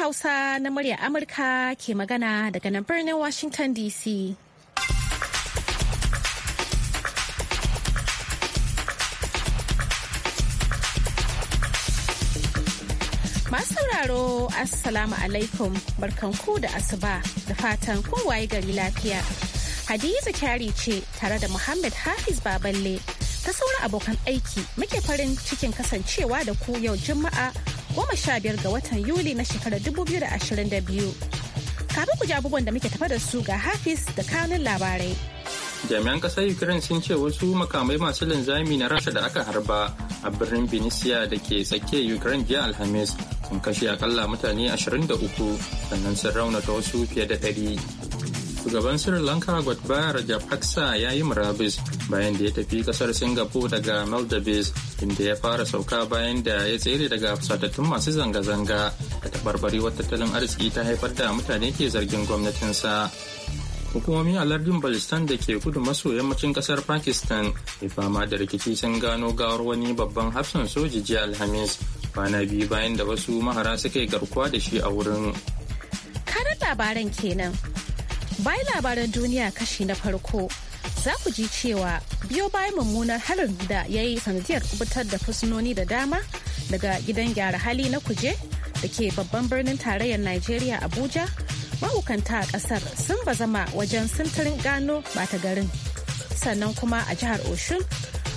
Hausa na murya Amurka ke magana daga nan birnin Washington DC. Masu sauraro Assalamu alaikum barkanku da asuba da fatan kowaye gari lafiya. Hadiza kyari ce tare da Muhammad Hafiz Baballe ta sauran abokan aiki muke farin cikin kasancewa da ku yau Juma'a goma sha biyar ga watan Yuli na shekarar dubu biyu da ashirin da biyu. Kafin ku ji abubuwan da muke tafa da su ga hafis da kanun labarai. Jami'an kasar Ukraine sun ce wasu makamai masu linzami na Rasha da aka harba a birnin Benicia da ke tsakiya Ukraine jiya Alhamis sun kashe akalla mutane 23 sannan sun raunata wasu fiye da ɗari. shugaban sri lanka godbar rajapaksa ya yi murabus bayan da ya tafi kasar singapore daga maldives inda ya fara sauka bayan da ya tsere daga fusatattun masu zanga-zanga da tabarbarewar tattalin arziki ta haifar da mutane ke zargin gwamnatinsa hukumomi a lardin balistan da ke kudu maso yammacin kasar pakistan mai fama da rikici sun gano gawar wani babban hafsan soji jiya alhamis kwana biyu bayan da wasu mahara suka yi garkuwa da shi a wurin Kana labaran kenan Bayan labaran duniya kashi na farko, za ku ji cewa biyo bayan mummunar harin da ya yi sanadiyar kubutar da fursunoni da dama daga gidan gyara hali na kuje da ke babban birnin tarayyar Najeriya Abuja, mahukanta a ƙasar sun bazama wajen sintirin gano bata garin. Sannan kuma a jihar Oshun,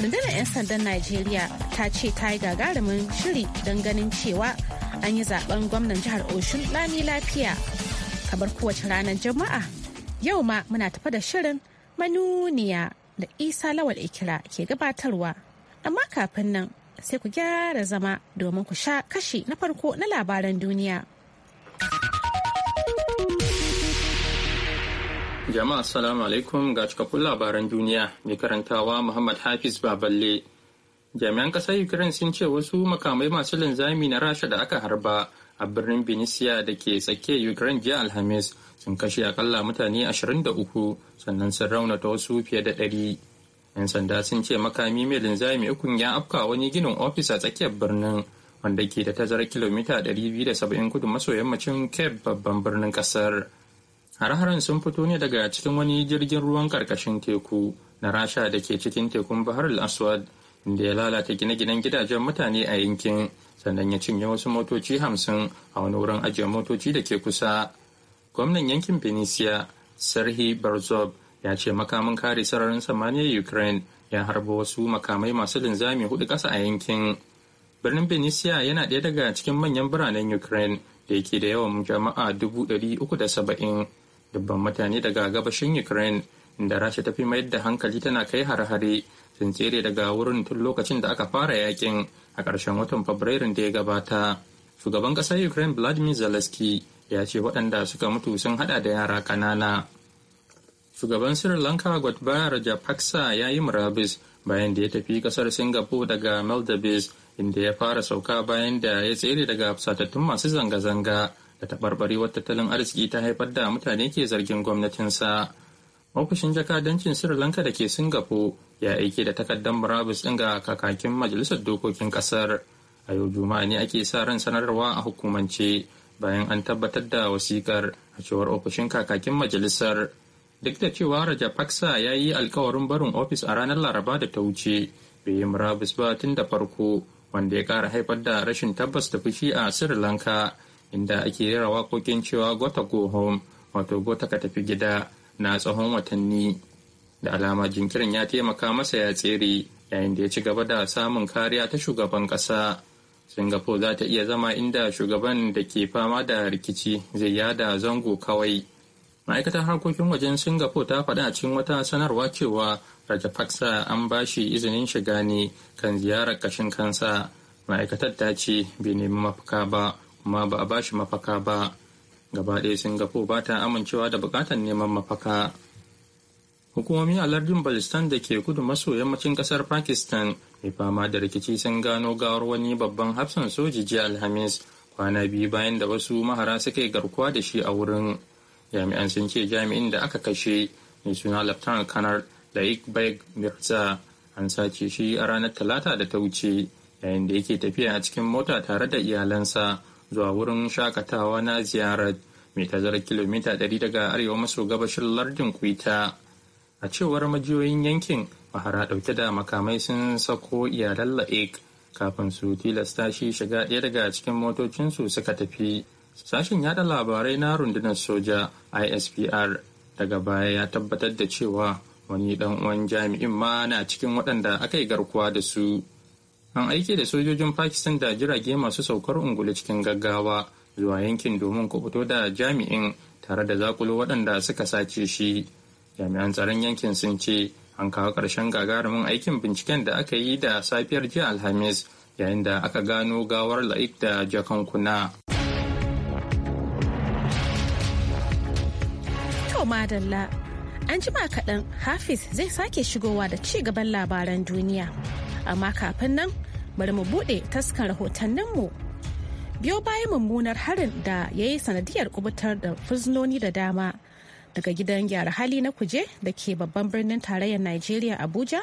rundunar 'yan sandan Najeriya ta ce ta yi gagarumin shiri don ganin cewa an yi zaben gwamnan jihar Oshun lami lafiya. Kamar kowace ranar Juma'a Yau ma muna tafa da shirin manuniya da Isa Lawal Ikira ke gabatarwa. Amma kafin nan sai ku gyara zama domin ku sha kashi na farko na labaran duniya. Jama'a salamu alaikum ga cikakkun labaran duniya mai karantawa Muhammad Hafiz Baballe. Jami'an kasar Ukraine sun ce wasu makamai masu linzami na Rasha da aka harba a birnin Benicia da ke tsakiyar Ukraine jiya Alhamis sun kashe akalla mutane 23 sannan sun raunata wasu fiye da 100 'yan sanda sun ce makami mai linzami ukun ya afka wani ginin ofis a tsakiyar birnin wanda ke da tazarar kilomita 270 kudu maso yammacin cape babban birnin kasar har-haren sun fito ne daga cikin wani jirgin ruwan karkashin teku na rasha da ke cikin tekun bahar al-aswad inda ya lalata gine-ginen gidajen mutane a yankin sannan ya cinye wasu motoci hamsin a wani wurin ajiye motoci da ke kusa gwamnan yankin Benicia Sarhi Barzov ya ce makamin kare sararin samaniyar Ukraine ya harba wasu makamai masu linzami hudu kasa a yankin. Birnin Benicia yana ɗaya daga cikin manyan biranen Ukraine da yake da yawan jama'a dubu ɗari uku da saba'in dubban mutane daga gabashin Ukraine inda Rasha ta fi mayar da hankali tana kai har-hare sun tsere daga wurin tun lokacin da aka fara yakin a ƙarshen watan Fabrairun da ya gabata. Shugaban ƙasar Ukraine Vladimir Zelensky ya ce waɗanda suka mutu sun hada da yara ƙanana. Shugaban Sri Lanka Gotabaya Rajapaksa ya yi murabus bayan da ya tafi kasar Singapore daga Maldives inda ya fara sauka bayan da ya tsere daga fusatattun masu zanga-zanga da taɓarɓarewar tattalin arziki ta haifar da mutane ke zargin gwamnatinsa. Ofishin jakadancin Sri Lanka da ke Singapore ya aike da takardar murabus ɗin ga kakakin majalisar dokokin kasar A yau Juma'a ne ake sa ran sanarwa a hukumance bayan an tabbatar da wasikar a cewar ofishin kakakin majalisar duk da cewa rajapaksa ya yi alkawarin barin ofis a ranar laraba da ta wuce bai yi murabus ba tun da farko wanda ya kara haifar da rashin tabbas da fushi a sri lanka inda ake rera waƙoƙin cewa gota go home wato gota ka tafi gida na tsawon watanni da alama jinkirin ya taimaka masa ya tsere yayin da ya ci gaba da samun kariya ta shugaban ƙasa singapore za ta iya zama inda shugaban da ke fama da rikici zai yada zango kawai ma'aikatar harkokin wajen singapore ta faɗa a cikin wata sanarwa cewa rajapaksa an ba shi izinin shiga ne kan ziyarar kashin kansa ma'aikatar ta ce bai nemi mafaka ba kuma ba a ba shi mafaka ba gaba ɗaya singapore ba ta amincewa da buƙatar neman mafaka hukumomi a lardin balistan da ke kudu maso yammacin kasar pakistan mai fama da rikici sun gano gawar wani babban hafsan soji jiya alhamis kwana biyu bayan da wasu mahara suka yi garkuwa da shi a wurin jami'an sun ce jami'in da aka kashe mai suna laftan kanar la'ik iqbal mirza an sace shi a ranar talata da ta wuce yayin da yake tafiya a cikin mota tare da iyalansa zuwa wurin shakatawa na ziyarar mai tazarar kilomita 100 daga arewa maso gabashin lardin kwita a cewar majiyoyin yankin bahara ɗauke da makamai sun sako iyalan la'ik kafin su tilasta shi shiga ɗaya daga cikin motocinsu suka tafi sashen yada labarai na rundunar soja ispr daga baya ya tabbatar da cewa wani dan uwan jami'in ma na cikin waɗanda aka yi garkuwa da su an aike da sojojin pakistan da jirage masu saukar ungulu cikin gaggawa zuwa yankin domin kubuto da jami'in tare da zakulo waɗanda suka sace shi jami'an tsaron yankin sun ce an kawo ƙarshen gagarumin aikin binciken da aka yi da safiyar jiya alhamis yayin da aka gano gawar la'ik da jakankuna. To madalla, an jima kaɗan Hafiz zai sake shigowa da ci gaban labaran duniya. Amma kafin nan bari mu buɗe taskan rahotanninmu. Biyo bayan mummunar harin da ya yi sanadiyar kubutar da fursunoni da dama daga gidan gyara hali na kuje da ke babban birnin tarayyar nigeria Abuja,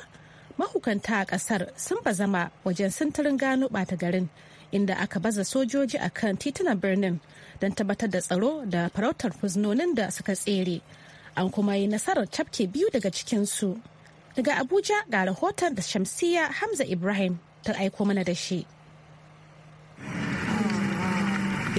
mahukanta a kasar sun bazama wajen sintirin gano ɓata garin inda aka baza sojoji a kan titunan birnin don tabbatar da tsaro da farautar fuznonin da suka tsere. An kuma yi nasarar cafke biyu daga cikinsu. Daga Abuja ga rahoton da Shamsiya Hamza Ibrahim ta aiko mana da shi.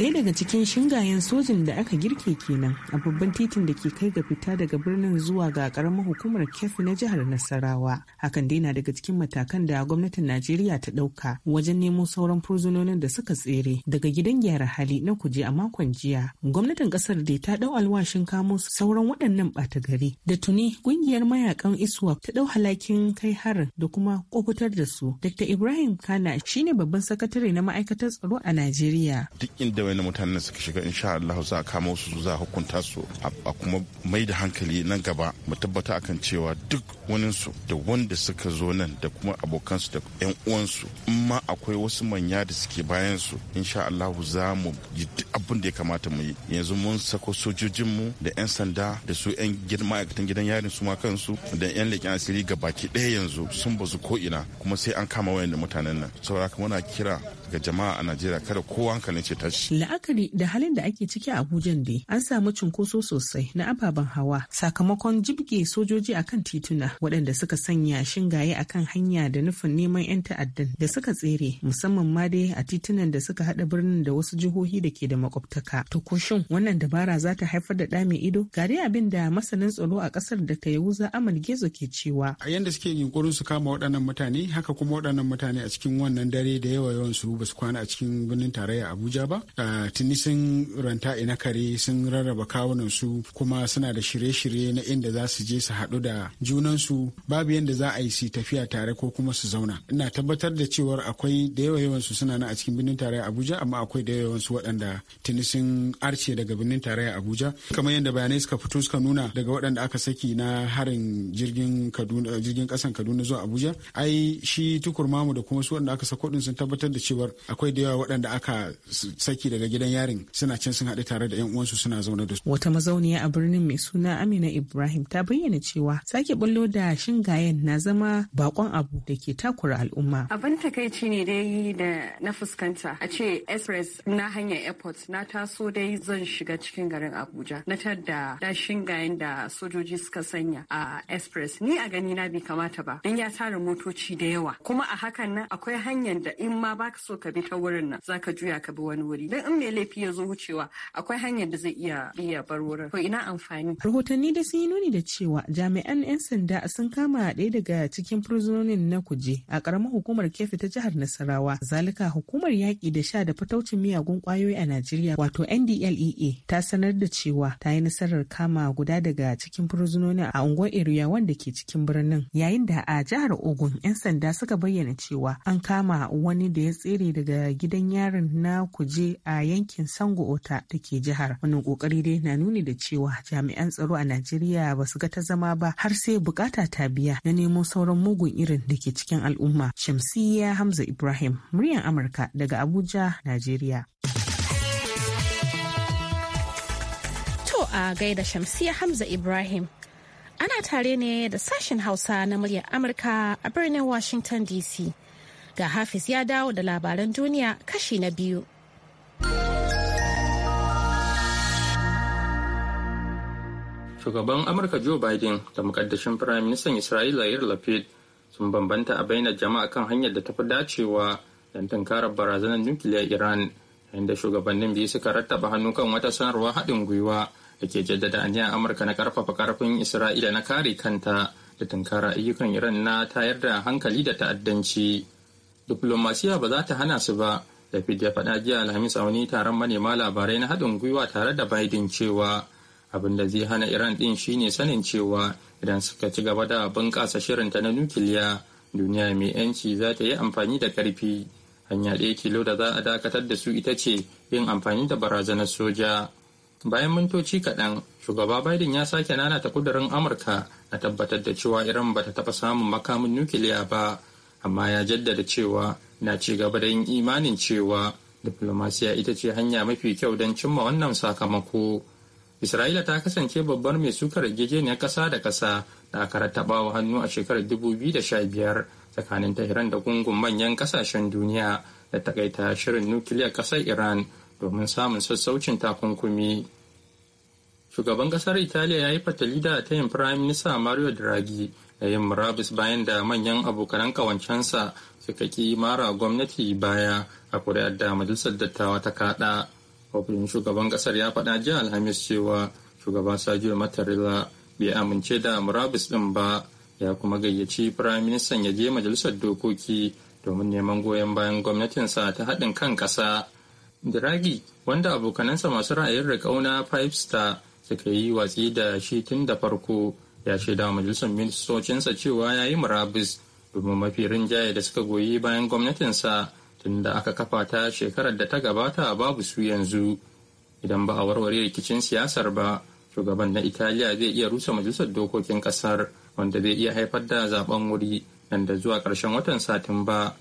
ɗaya daga cikin shingayen sojin da aka girke kenan a babban titin da ke kai ga fita daga birnin zuwa ga karamar hukumar kefi na jihar nasarawa hakan dai na daga cikin matakan da gwamnatin najeriya ta ɗauka wajen nemo sauran fursunonin da suka tsere daga gidan gyara hali na kuje a makon jiya gwamnatin ƙasar dai ta ɗau alwashin kamo sauran waɗannan ɓata gari da tuni ƙungiyar mayakan iswa ta ɗau halakin kai harin da kuma ƙokutar da su dr ibrahim kana shine babban sakatare na ma'aikatar tsaro a najeriya duk inda wayannan mutanen suka shiga insha Allah za a kamo su za a hukunta su a kuma mai da hankali nan gaba mu tabbata akan cewa duk waninsu da wanda suka zo nan da kuma abokansu da yan uwansu in ma akwai wasu manya da suke bayan su insha Allah za mu yi duk abin da ya kamata mu yi yanzu mun sako sojojinmu da yan sanda da su yan ma'aikatan gidan yarin su ma kansu da yan leƙen asiri ga baki ɗaya yanzu sun bazu ko ina kuma sai an kama wayannan mutanen nan saboda haka muna kira ga jama'a a Najeriya kada kowa ne ce tashi. La'akari da halin da ake ciki a Abuja ne. an samu cunkoso sosai na ababen hawa sakamakon jibge sojoji akan tituna waɗanda suka sanya shingaye akan hanya da nufin neman 'yan ta'addan da suka tsere musamman ma dai a titunan da suka haɗa birnin da wasu jihohi da ke da makwabtaka. To wannan dabara za ta haifar da ɗame ido? Ga dai abin da masanin tsaro a ƙasar da ta yawuza Amal Gezo ke cewa. A yanda suke yunkurin su kama waɗannan mutane haka kuma waɗannan mutane a cikin wannan dare da yawa yawan su ba su kwana a cikin birnin tarayya abuja ba tuni sun ranta ina kare sun rarraba kawunan su kuma suna da shirye-shirye na inda za su je su haɗu da junansu babu yadda za a yi su tafiya tare ko kuma su zauna ina tabbatar da cewar akwai da yawa yawan su suna nan a cikin birnin tarayya abuja amma akwai da yawan su waɗanda tuni sun arce daga birnin tarayya abuja kamar yadda bayanai suka fito suka nuna daga waɗanda aka saki na harin jirgin kaduna jirgin ƙasan kaduna zuwa abuja ai shi tukur mamu da kuma su waɗanda aka sako din sun tabbatar da cewar akwai da yawa waɗanda aka saki daga gidan yarin suna cin sun haɗu tare da 'yan uwansu suna zaune da su. Wata mazauniya a birnin mai suna Amina Ibrahim ta bayyana cewa sake bullo da shingayen na zama bakon abu da ke takura al'umma. Abin takaici ne dai da na fuskanta a ce express na hanyar airport na taso dai zan shiga cikin garin Abuja na tadda da shingayen da sojoji suka sanya a express ni a gani na bai kamata ba don ya tara motoci da yawa kuma a hakan nan akwai hanyar da in ma baka so ka bi ta wurin nan Za ka juya ka bi wani wuri dan in mai laifi ya zo wucewa akwai hanyar da zai iya iya bar wurin Ko ina amfani rahotanni da sun yi nuni da cewa jami'an 'yan sanda sun kama ɗaya daga cikin fursunonin na kuje a ƙaramar hukumar kefi ta jihar nasarawa zalika hukumar yaƙi da sha da fataucin miyagun ƙwayoyi a najeriya wato ndlea ta sanar da cewa ta yi nasarar kama guda daga cikin fursunonin a unguwar Eriya, wanda ke cikin birnin yayin da a jihar ogun 'yan sanda suka bayyana cewa an kama wani da ya tsere daga gidan yarin na kuje a yankin sango ota da ke jihar wannan kokari dai na nuni da cewa jami'an tsaro a najeriya ba su ga ta zama ba har sai bukata ta biya na nemo sauran mugun irin da ke cikin al'umma shamsiya hamza ibrahim muryar amurka daga abuja najeriya to a gaida shamsiya hamza ibrahim ana tare ne da sashen hausa na muryar amurka a birnin washington dc Ga Hafiz ya dawo da labaran duniya kashi na biyu. Shugaban Amurka Joe Biden da mukaddashin Firaministan Isra'ila Yair Lapid sun bambanta a bainar jama'a kan hanyar da tafi dacewa don tunkarar barazanar nukiliyar Iran inda shugabannin biyu suka rattaba hannu kan wata sanarwa haɗin gwiwa da ke jaddada aniyar Amurka na karfafa karfin Isra'ila na kare kanta da tunkara ayyukan Iran na tayar da hankali da ta'addanci. diplomasiya ba za ta hana su ba da fidda faɗa jiya Alhamis a wani taron manema labarai na haɗin gwiwa tare da Biden cewa abin da zai hana Iran ɗin shine sanin cewa idan suka ci gaba da bunƙasa shirinta na nukiliya duniya mai 'yanci za ta yi amfani da ƙarfi. Hanya ɗaya kilo da za a dakatar da su ita ce yin amfani da barazanar soja. Bayan mintoci kaɗan, shugaba Biden ya sake nana ta kudurin Amurka na tabbatar da cewa Iran ba ta taɓa samun makamin nukiliya ba. amma ya jaddada cewa na ci gaba da yin imanin cewa diplomasiya ita ce hanya mafi kyau don cimma wannan sakamako isra'ila ta kasance babbar mai sukar yarjejeniyar ƙasa da ƙasa da aka rattabawa hannu a shekarar 2015 tsakanin tahiran da gungun manyan ƙasashen duniya da takaita shirin nukiliyar ƙasar iran domin samun sassaucin takunkumi shugaban ƙasar italiya ya yi fatali da tayin firayim nisa mario draghi da yin murabus bayan da manyan abokanan kawancensa suka ki mara gwamnati baya a kuri'ar da majalisar dattawa ta kada ofishin shugaban kasar ya faɗa jiya alhamis cewa shugaban sajiyo matarila bai amince da murabus ɗin ba ya kuma gayyaci firayim ministan ya je majalisar dokoki domin neman goyon bayan gwamnatinsa ta haɗin kan ƙasa dragi wanda abokanansa masu ra'ayin riƙauna five star suka yi watsi da shi tun da farko ya ce da majalisar ministocinsa cewa ya yi murabus domin mafi rinjaye da suka goyi bayan gwamnatinsa tun da aka kafa ta shekarar da ta gabata babu su yanzu idan ba a warware rikicin siyasar ba shugaban na italiya zai iya rusa majalisar dokokin kasar wanda zai iya haifar da zaben wuri nan da zuwa ƙarshen watan satumba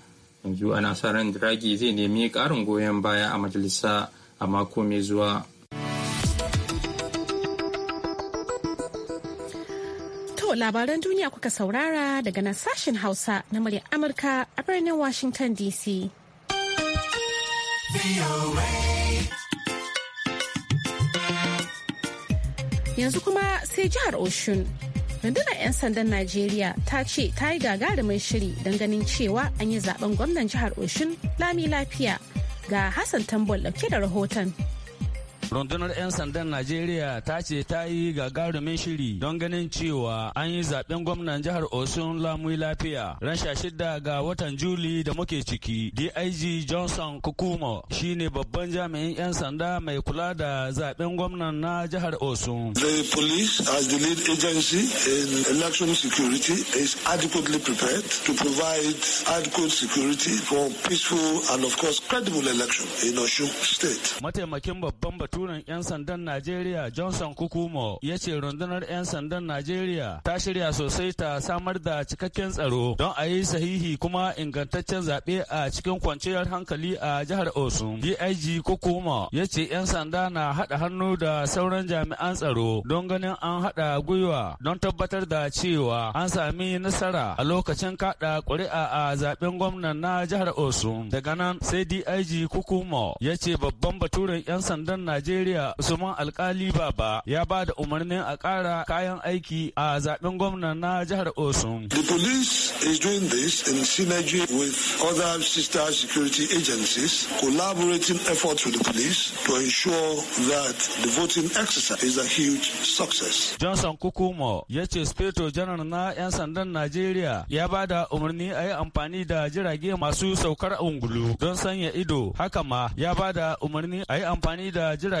yanzu ana sa ran draghi zai nemi ƙarin goyon baya a majalisa a mako mai zuwa labaran duniya kuka saurara daga nan sashen Hausa na muryar Amurka a birnin Washington DC. Yanzu kuma sai jihar Oshun. Rundunar 'yan sandan Najeriya ta ce ta yi gagarumin shiri don ganin cewa an yi zaben gwamnan jihar Oshun lami lafiya ga Hassan Tambol dauke da rahoton rundunar 'yan sandan najeriya ta ce ta yi gagarumin shiri don ganin cewa an yi zaben gwamnan jihar osun lamuyi lafiya ran shida ga watan juli da muke ciki dig johnson kukumo shine babban jami'in 'yan sanda mai kula da zaben gwamnan na jihar osun the police as the lead agency in election security is adequately prepared to provide adequate security for peaceful and of course credible election in osun state mataimakin babban batu Baturen 'yan sandan Najeriya Johnson Kukumo ya ce rundunar 'yan sandan Najeriya ta shirya sosai ta samar da cikakken tsaro don a yi sahihi kuma ingantaccen zaɓe a cikin kwanciyar hankali a jihar Osun. DIG Kukumo ya ce 'yan sanda na haɗa hannu da sauran jami'an tsaro don ganin an haɗa gwiwa don tabbatar da cewa an sami nasara a lokacin kaɗa ƙuri'a a zaɓen gwamnan na jihar Osun. Daga nan sai DIG Kukumo ya ce babban baturen 'yan sandan Najeriya Najeriya Usman Alkali Baba ya ba da umarnin a ƙara kayan aiki a zaben gwamna na jihar Osun. The police is doing this in synergy with other sister security agencies collaborating efforts with the police to ensure that the voting exercise is a huge success. Johnson Kukumo ya ce Speto General na 'yan sandan Najeriya ya ba da umarni a yi amfani da jirage masu saukar ungulu don sanya ido. Haka ma ya ba da umarni a yi amfani da jirage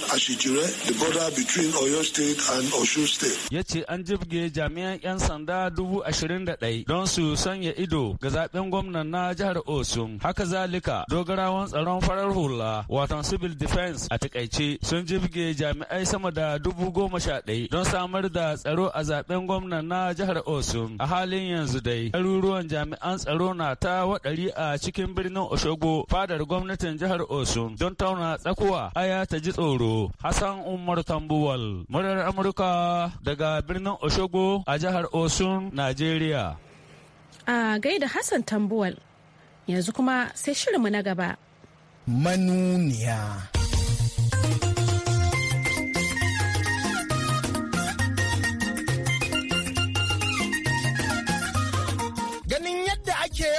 a Ya ce an jibge jami'an 'yan sanda dubu ashirin da ɗai don su sanya ido ga zaben gwamnan na jihar Osun. Haka zalika dogarawan tsaron farar hula watan civil defense a takaice sun jibge jami'ai sama da dubu goma sha ɗai don samar da tsaro a zaben gwamnan na jihar Osun. A halin yanzu dai, ɗaruruwan jami'an tsaro na ta waɗari a cikin birnin Oshogo fadar gwamnatin jihar Osun don tauna tsakuwa aya ta ji tsoro. Hassan Umar Tambuwal, murar Amurka daga birnin Oshogo a jihar Osun, Najeriya. A gaida Hassan Tambuwal, yanzu kuma sai shirinmu na gaba. Manuniya.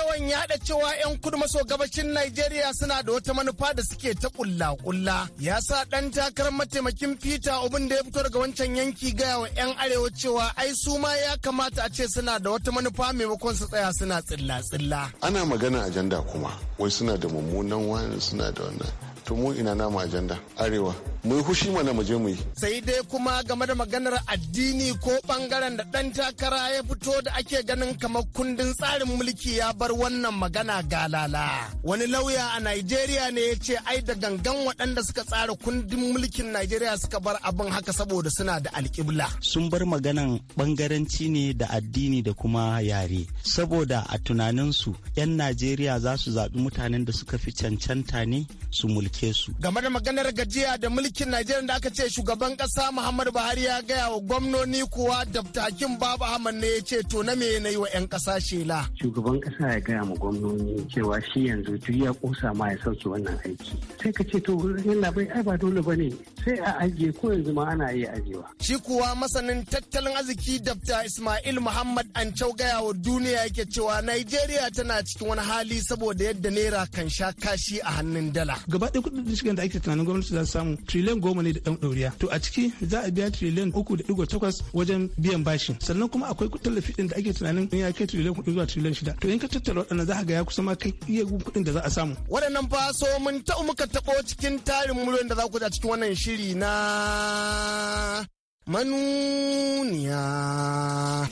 yawan yada cewa 'yan kudu maso gabashin Najeriya suna da wata manufa da suke ta kulla-kulla. Ya sa ɗan takarar mataimakin Peter Obin da ya fito daga wancan yanki gaya wa 'yan arewa cewa ai su ma ya kamata a ce suna da wata manufa maimakon su tsaya suna tsilla-tsilla. Ana magana ajanda kuma, wai suna da mummunan wani suna da wannan. To mu ina nama ajanda, arewa mu yi hushi mana mu je mu yi. Sai dai kuma game da maganar addini ko bangaren da dan takara ya fito da ake ganin kamar kundin tsarin mulki ya bar wannan magana galala. Wani lauya a nigeria ne ya ce ai da gangan waɗanda suka tsara kundin mulkin nigeria suka bar abin haka saboda suna da alƙibla. Sun bar maganan bangaranci ne da addini da kuma yare. Saboda a tunaninsu 'yan Najeriya za su zaɓi mutanen da suka fi cancanta ne su mulke su. Game da maganar gajiya da mulki mulkin Najeriya da aka ce shugaban kasa Muhammad Buhari ya gaya wa gwamnoni kuwa daftakin Baba Ahmad ne ya ce to na me na yi wa 'yan kasa shela. Shugaban kasa ya gaya ma gwamnoni cewa shi yanzu duk ya kosa ma ya sauke wannan aiki. Sai ka ce to yana bai ai ba dole ba ne sai a ajiye ko yanzu ma ana iya ajiyewa. Shi kuwa masanin tattalin arziki dafta Ismail Muhammad Ancau gaya wa duniya yake cewa Najeriya tana cikin wani hali saboda yadda naira kan sha kashi a hannun dala. Gaba ɗaya kuɗin da ake tunanin gwamnati za su samu triliyan goma ne da ɗan ɗoriya to a ciki za a biya triliyan uku da ɗigo takwas wajen biyan bashi sannan kuma akwai tallafi ɗin da ake tunanin in ya kai triliyan kuɗi zuwa triliyan shida to in ka tattara waɗannan za ka ga ya kusa ma kai iya kuɗin da za a samu. waɗannan faso mun ta muka taɓo cikin tarin miliyan da za ku a cikin wannan shiri na manuniya.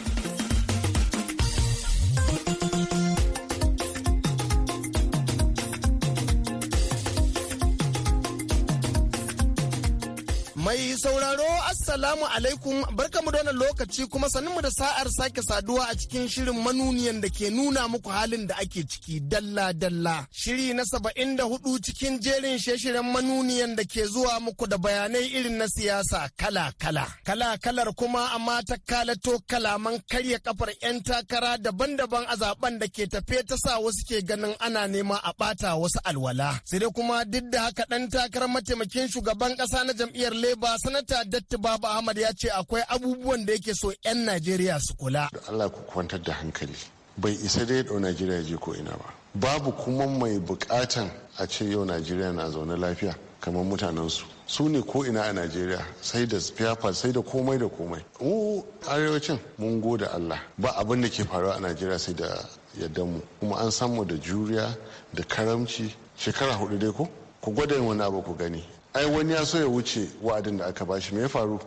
Mai sauraro Assalamu alaikum barkamu da wannan lokaci kuma mu da sa'ar sake saduwa a cikin shirin manuniyan da ke nuna muku halin da ake ciki dalla dalla. Shiri na saba'in da hudu cikin jerin shirin manuniyan da ke zuwa muku da bayanai irin na siyasa kala kala. Kala kalar kuma amma ta kalato kalaman karya kafar 'yan takara daban-daban a zaben da ke tafe ta sa wasu ke ganin ana nema a bata wasu alwala. Sai dai kuma duk da haka ɗan takarar mataimakin shugaban ƙasa na jam'iyyar ba sanata datti babu ahmad ya ce akwai abubuwan da yake so 'yan najeriya su kula da allah ku kwantar da hankali bai isa dai ya dau najeriya je ko ina ba babu kuma mai bukatan a ce yau najeriya na zaune lafiya kamar mutanensu su ne ko ina a najeriya sai da fiyafa sai da komai da komai mu arewacin mun gode allah ba abin da ke faruwa a najeriya sai da yadda mu kuma an mu da juriya da karamci shekara hudu dai ko ku gwada wani abu ku gani ai wani ya so ya wuce wa'adin da aka bashi me ya faru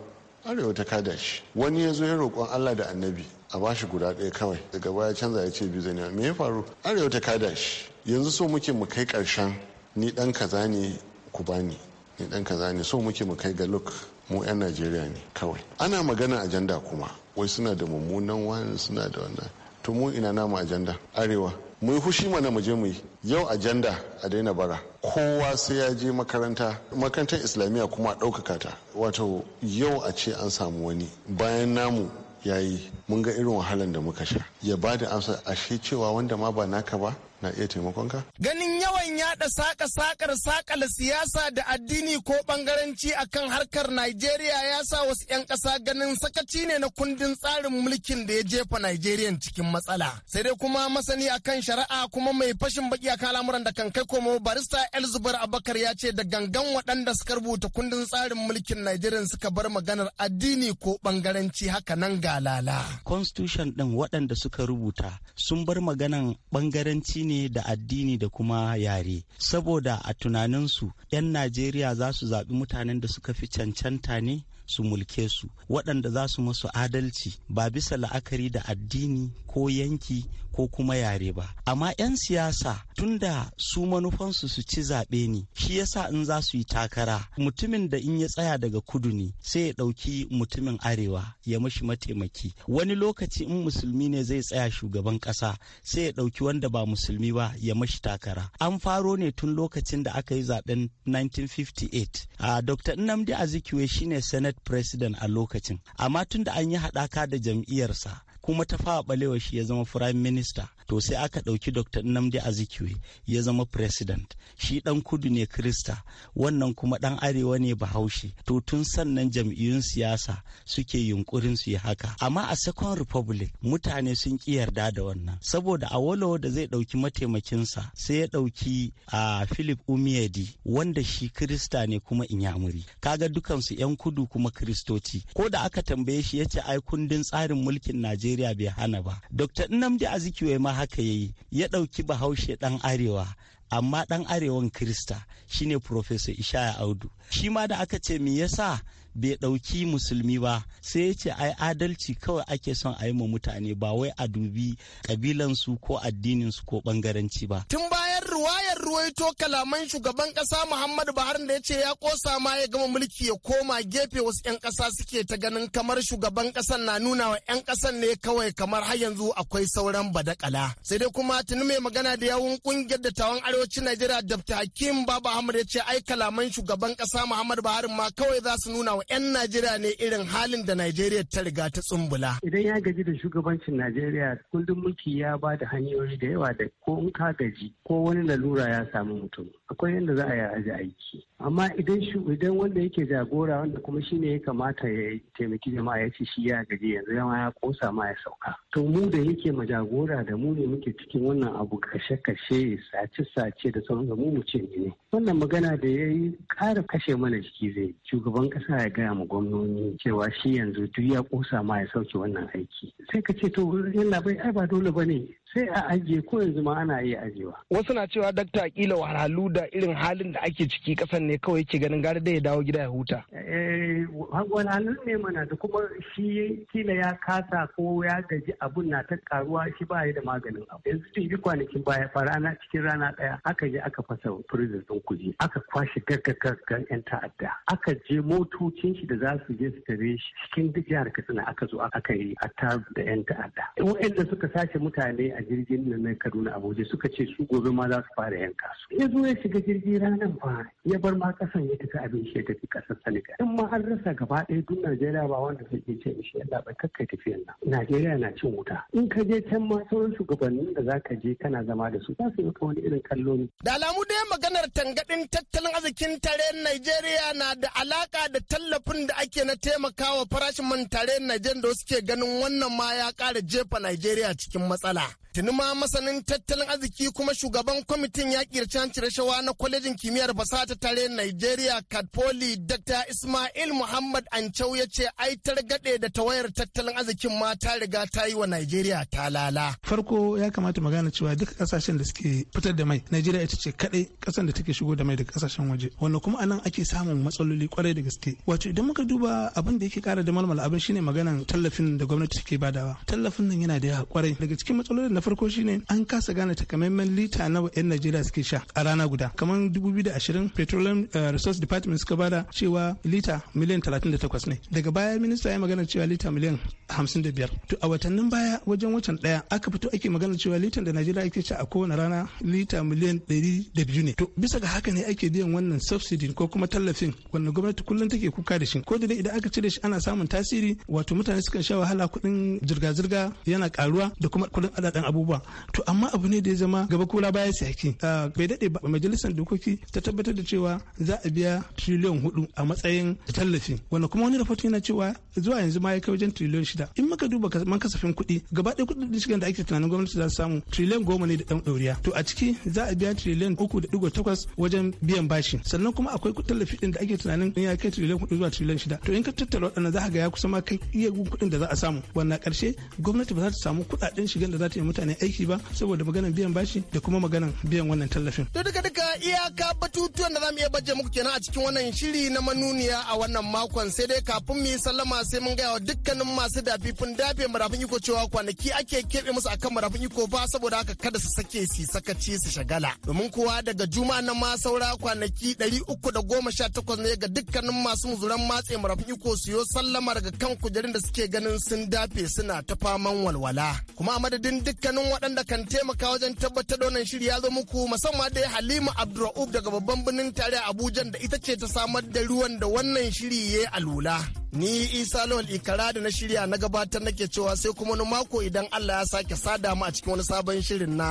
arewa ta kada shi wani ya zo ya roƙon allah da annabi a bashi guda ɗaya kawai daga baya canza ya ce biyu zai me ya faru arewa ta kada shi yanzu so muke mu kai ƙarshen ni ɗan kaza ne ku bani ni ɗan kaza ne so muke mu kai ga luk mu 'yan najeriya ne kawai ana magana ajanda kuma wai suna da mummunan wani suna da wannan to mu ina namu ajanda arewa mu yi hushi mana mu je mu yi yau ajanda a daina bara kowa sai ya je makaranta makarantar islamiyya kuma a ɗaukaka ta wato yau a ce an samu wani bayan namu ya yi mun ga irin wahalar da muka sha ya ba da amsa ashe cewa wanda ma ba naka ba na iya taimakonka. Ganin yawan yada saka sakar da siyasa da addini ko bangaranci kan harkar Najeriya ya sa wasu 'yan ƙasa ganin sakaci ne na kundin tsarin mulkin da ya jefa Najeriya cikin matsala. Sai dai kuma masani akan shari'a kuma mai fashin baki a al'amuran da kan kai komo barista Elzubar Abakar ya ce da gangan waɗanda suka rubuta kundin tsarin mulkin Najeriya suka bar maganar addini ko bangaranci haka nan ga lala. Constitution ɗin waɗanda suka rubuta sun bar maganan bangaranci ne ne da addini da kuma yare saboda a tunaninsu 'yan najeriya za su zaɓi mutanen da suka fi cancanta ne su mulke su waɗanda za su masu adalci ba bisa la'akari da addini ko yanki ko kuma yare ba amma 'yan siyasa tunda su manufansu su ci zaɓe ne shi yasa in za su yi takara mutumin da in ya tsaya daga kudu ne sai ya ɗauki mutumin arewa ya mashi mataimaki wani lokaci in musulmi ne zai tsaya shugaban ƙasa sai ya ɗauki wanda ba musulmi ba ya mashi takara an faro ne tun lokacin da aka yi zaɓen 1958 a dr nnamdi azikiwe shine senator senate president a lokacin amma tun da an yi haɗaka da jam'iyyarsa kuma ta fawa balewa shi ya zama prime minister to sai aka ɗauki dr nnamdi azikiwe ya zama president shi ɗan kudu ne krista wannan kuma ɗan arewa ne bahaushe to tun sannan jam'iyyun siyasa suke yunkurin su yi haka amma a second republic mutane sun ki yarda da wannan saboda a walawa da zai ɗauki mataimakinsa sai ya ɗauki a philip umiyadi wanda shi krista ne kuma inyamuri kaga dukansu 'yan kudu kuma kristoci ko da aka tambaye shi ya ce ai kundin tsarin mulkin najeriya bai hana ba dr nnamdi azikiwe ma haka ya yi ya ɗauki bahaushe ɗan arewa amma ɗan arewan krista shine professor ishaya audu shi ma da aka ce me yasa bai ɗauki musulmi ba sai ya ce ai adalci kawai ake son a yi ma mutane ba wai a dubi ƙabilansu ko addininsu ko ɓangaranci ba tun baya bayan ruwayar ruwaito kalaman shugaban kasa Muhammadu Buhari da ya ce ya kosa ma ya gama mulki ya koma gefe wasu 'yan kasa suke ta ganin kamar shugaban kasan na nuna wa 'yan kasan ne kawai kamar har yanzu akwai sauran badakala. Sai dai kuma tuni mai magana da yawun kungiyar dattawan arewacin Najeriya Dr. Hakim Baba Ahmad ya ce ai kalaman shugaban kasa Muhammadu Buhari ma kawai za su nuna wa 'yan Najeriya ne irin halin da Najeriya ta riga ta tsumbula. Idan ya gaji da shugabancin Najeriya kundin mulki ya ba da hanyoyi da yawa da ko in ka gaji ko wani lalura ya samu mutum akwai yadda za a yi aji aiki amma idan shi idan wanda yake jagora wanda kuma shi ne ya kamata ya taimaki jama'a ya ce shi ya gaji yanzu zama ya kosa ma ya sauka to mu da yake ma jagora da mu ne muke cikin wannan abu kashe kashe sace sace da sauran mu mu ce ne wannan magana da ya yi kara kashe mana jiki zai shugaban kasa ya gaya ma gwamnoni cewa shi yanzu duk ya kosa ma ya sauke wannan aiki sai ka ce to yalla bai ai ba dole ba ne sai a ajiye ko yanzu ma ana iya ajiyewa wasu na kina cewa dakta kila wahalhalu da irin halin da ake ciki kasan ne kawai yake ganin gara dai ya dawo gida ya huta. Eh, wahalhalun ne mana da kuma shi kila ya kasa ko ya gaji abun na ta karuwa shi ba da maganin abu yanzu tun yi kwanakin baya rana cikin rana daya aka je aka fasa prison din kuje aka kwashe gaggagaggan yan ta'adda aka je motocin shi da za su je su tare shi cikin jihar katsina aka zo aka yi attar da yan ta'adda wa'anda suka sace mutane a jirgin nan na kaduna abuja suka ce su gobe ma za su fara yanka kasu ya zo ya shiga jirgi ranar fa ya bar ma kasan ya tafi abin shi ya tafi kasar senegal in ma an rasa gaba ɗaya duk najeriya ba wanda suke ce shi allah bai kakkai tafiyan nan najeriya na cin wuta in ka je can ma sauran shugabannin da za ka je kana zama da su za su yi ka wani irin kallo ne. da alamu dai maganar tangaɗin tattalin arzikin tarayyar najeriya na da alaka da tallafin da ake na taimakawa farashin man tarayyar najeriya da suke ganin wannan ma ya ƙara jefa najeriya cikin matsala. Tunuma masanin tattalin arziki kuma shugaban kwamitin yaƙi da canci rashawa na kwalejin kimiyyar fasaha ta tare Nigeria Katpoli Dr. Ismail Muhammad Ancau ya ce ai targaɗe da tawayar tattalin arzikin ma ta riga ta yi wa Nigeria ta lala. Farko ya kamata magana cewa duka kasashen da suke fitar da mai Nigeria ita ce kaɗai ƙasar da take shigo da mai daga kasashen waje wanda kuma anan ake samun matsaloli kwarai da gaske. Wato idan muka duba abin da yake ƙara da malmala abin shine maganan tallafin da gwamnati take badawa. Tallafin nan yana da yawa kwarai daga cikin matsalolin farko shine an kasa gane takamaiman lita nawa 'yan najeriya suke sha a rana guda kamar 2020 petroleum eh, resource department suka bada cewa lita miliyan 38 ne daga baya minista ya magana cewa lita miliyan 55 to a watannin baya wajen watan daya aka fito ake magana cewa lita da najeriya ake sha a kowane rana lita miliyan biyu ne to bisa ga haka ne ake biyan wannan subsidy ko kuma tallafin wanda gwamnati kullum take kuka da shi ko da idan aka cire shi ana samun tasiri wato mutane sukan sha wahala kuɗin zirga-zirga yana karuwa da kuma kuɗin adadan abubuwa to amma abu ne da ya zama gaba kula baya saki ah, bai daɗe ba majalisar dokoki ta tabbatar da cewa za a biya triliyan hudu a matsayin tallafi wanda kuma wani rahoton yana cewa zuwa yanzu ma ya kai wajen triliyan shida in muka duba man kasafin kuɗi gaba ɗaya kuɗin da shigan da ake tunanin gwamnati za su samu triliyan goma ne da ɗan ɗauriya to a ciki za a biya triliyan uku da ɗigo takwas wajen biyan bashi sannan kuma akwai tallafi ɗin da ake tunanin ya kai triliyan hudu zuwa triliyan shida to in ka tattara waɗannan za ka ga ya kusa ma kai iya kuɗin da za a samu wannan ƙarshe gwamnati ba za ta samu kuɗaɗen shigan da za ta yi mutane mutane aiki ba saboda maganar biyan bashi da kuma maganar biyan wannan tallafin. To duka duka iyaka batutuwan da za mu iya baje muku kenan a cikin wannan shiri na manuniya a wannan makon sai dai kafin mu yi sallama sai mun gaya wa dukkanin masu dafifin dafe marafin iko cewa kwanaki ake keɓe musu akan marafin iko ba saboda haka kada su sake su sakaci su shagala. Domin kuwa daga juma na ma saura kwanaki ɗari uku da goma sha takwas ne ga dukkanin masu muzuran matse marafin iko su yo sallama daga kan kujerun da suke ganin sun dafe suna ta faman walwala. Kuma a madadin dukkan dukkanin waɗanda kan taimaka wajen tabbatar da wannan shiri ya zo muku musamman da Halima Abdurrauf daga babban birnin tare Abuja da ita ce ta samar da ruwan da wannan shiri ya alula. Ni Isa Lawal Ikara da na shirya na gabatar nake cewa sai kuma wani mako idan Allah ya sake sada mu a cikin wani sabon shirin na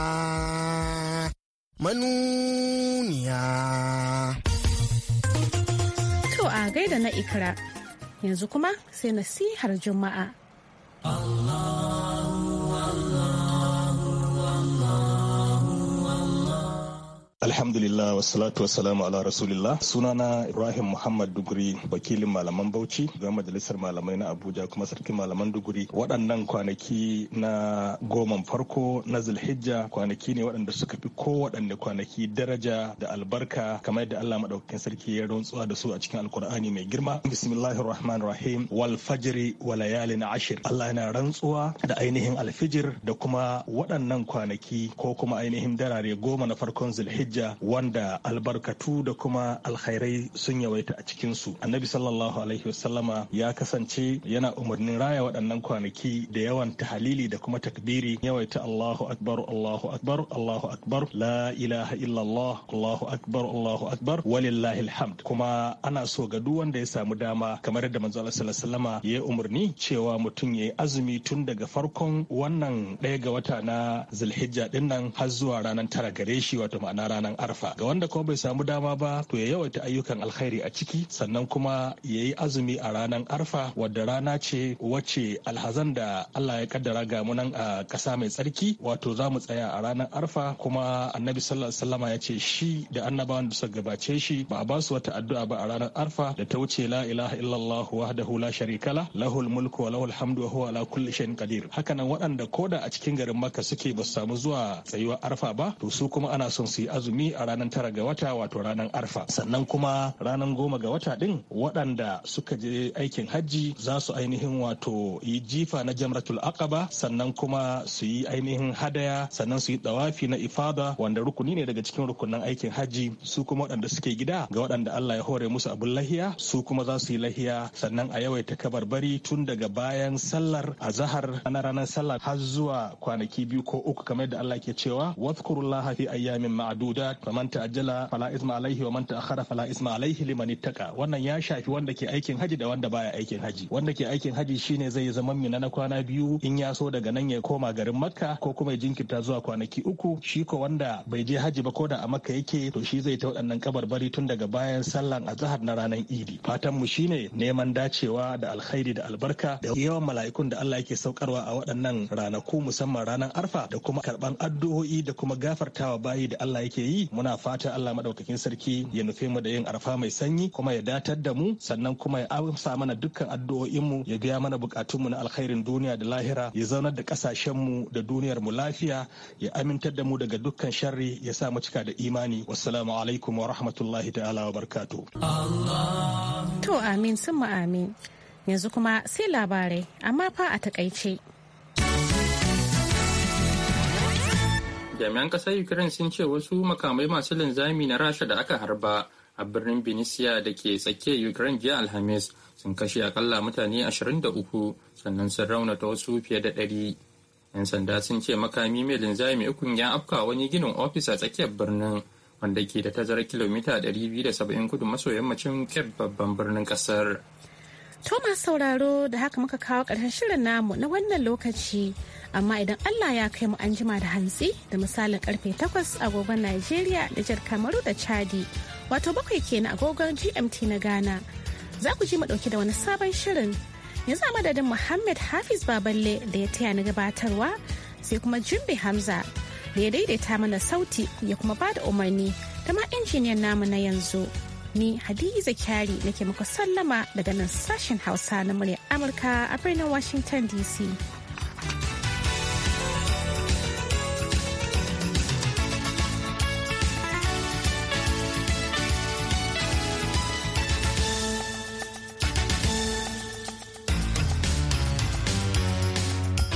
manuniya. To a gaida na Ikara yanzu kuma sai nasihar Juma'a. Allah. Allah. Alhamdulillah wassalatu wassalamu ala rasulillah sunana Ibrahim Muhammad Duguri wakilin malaman Bauchi ga majalisar malamai na Abuja kuma sarkin malaman Duguri waɗannan kwanaki na goman farko na Zulhijja kwanaki ne waɗanda suka fi kowaɗanne kwanaki daraja da albarka kamar yadda Allah madaukakin sarki ya rantsuwa da su a cikin Alkur'ani mai girma bismillahir rahmanir rahim wal fajri wa layalin ashir Allah yana rantsuwa da ainihin alfijir da kuma waɗannan kwanaki ko kuma ainihin darare goma na farkon Zulhijja zulhijja wanda albarkatu da kuma alkhairai sun yawaita a cikinsu annabi sallallahu alaihi wasallama ya kasance yana umarnin raya waɗannan kwanaki da yawan tahalili da kuma takbiri yawaita allahu akbar allahu akbar allahu akbar la ilaha illallah allahu akbar allahu akbar walillahi alhamd kuma ana so ga duk wanda ya samu dama kamar yadda manzo Allah sallallahu alaihi wasallama ya umarni cewa mutum ya yi azumi tun daga farkon wannan ɗaya ga wata na zulhijja din nan har zuwa ranar tara gare shi wato ma'ana ranar arfa ga wanda kuma bai samu dama ba to ya yawaita ayyukan alkhairi a ciki sannan kuma ya yi azumi a ranar arfa wadda rana ce wacce alhazan da allah ya kaddara ga munan nan a ƙasa mai tsarki wato za mu tsaya a ranar arfa kuma annabi sallallahu alaihi wasallama ya ce shi da annabawan da suka gabace shi ba a ba su wata addu'a ba a ranar arfa da ta wuce la ilaha illallah wahdahu la la lahul mulku wa lahul hamdu wa huwa ala kulli shay'in qadir hakanan waɗanda koda a cikin garin makka suke ba su samu zuwa tsayuwar arfa ba to su kuma ana son su yi azumi azumi a ranar tara ga wata wato ranar arfa sannan kuma ranar goma ga wata din waɗanda suka je aikin hajji za su ainihin wato yi jifa na jamratul akaba sannan kuma su yi ainihin hadaya sannan su yi dawafi na ifada wanda rukuni ne daga cikin rukunin aikin hajji su kuma waɗanda suke gida ga waɗanda Allah ya hore musu abun lahiya su kuma za su yi lahiya sannan a yawaita kabar bari tun daga bayan sallar azahar ana ranar sallar har zuwa kwanaki biyu ko uku kamar da Allah ke cewa wadhkurullaha fi ayyamin ma'duda ta'adda faman ta'ajjala fala isma alaihi wa man ta'akhkhara fala isma alaihi liman ittaka wannan ya shafi wanda ke aikin haji da wanda baya aikin haji wanda ke aikin haji shine zai zama mina na kwana biyu in ya so daga nan ya koma garin makka ko kuma ya jinkirta zuwa kwanaki uku shi ko wanda bai je haji ba ko da a makka yake to shi zai ta waɗannan kabarbari tun daga bayan sallan azhar na ranar idi fatan mu shine neman dacewa da alkhairi da albarka da yawan mala'ikun da Allah yake saukarwa a waɗannan ranaku musamman ranar arfa da kuma karban addu'o'i da kuma gafartawa bayi da Allah yake muke yi muna fata Allah madaukakin sarki ya nufe mu da yin arfa mai sanyi kuma ya datar da mu sannan kuma ya amsa mana dukkan addu'o'in mu ya biya mana bukatun mu na alkhairin duniya da lahira ya zaunar da kasashen mu da duniyar mu lafiya ya amintar da mu daga dukkan sharri ya sa mu cika da imani wassalamu alaikum wa rahmatullahi ta'ala wa barkatu to amin sun amin yanzu kuma sai labarai amma fa a takaice jami'an ƙasar Ukraine sun ce wasu makamai masu linzami na Rasha da aka harba a birnin Benicia da ke tsakiyar Ukraine jiya Alhamis sun kashe akalla mutane 23 sannan sun raunata wasu fiye da 100. 'Yan sanda sun ce makami mai linzami ukun ya afka wani ginin ofis a tsakiyar birnin wanda ke da tazarar kilomita 270 kudu maso yammacin Cape babban birnin ƙasar. Thomas sauraro da haka muka kawo ƙarshen shirin namu na wannan lokaci amma idan Allah ya kai mu an jima da hantsi da misalin karfe 8 agogon Najeriya da jar Kamaru da Chadi wato bakwai kenan agogon GMT na Ghana za ku ji mu dauke da wani sabon shirin yanzu a madadin Muhammad Hafiz Baballe da ya taya na gabatarwa sai kuma jimbe Hamza da ya daidaita mana sauti ya kuma ba da umarni da ma injiniyan namu na yanzu. ni hadiza kyari nake muku sallama daga nan sashen hausa na murya amurka a birnin washington dc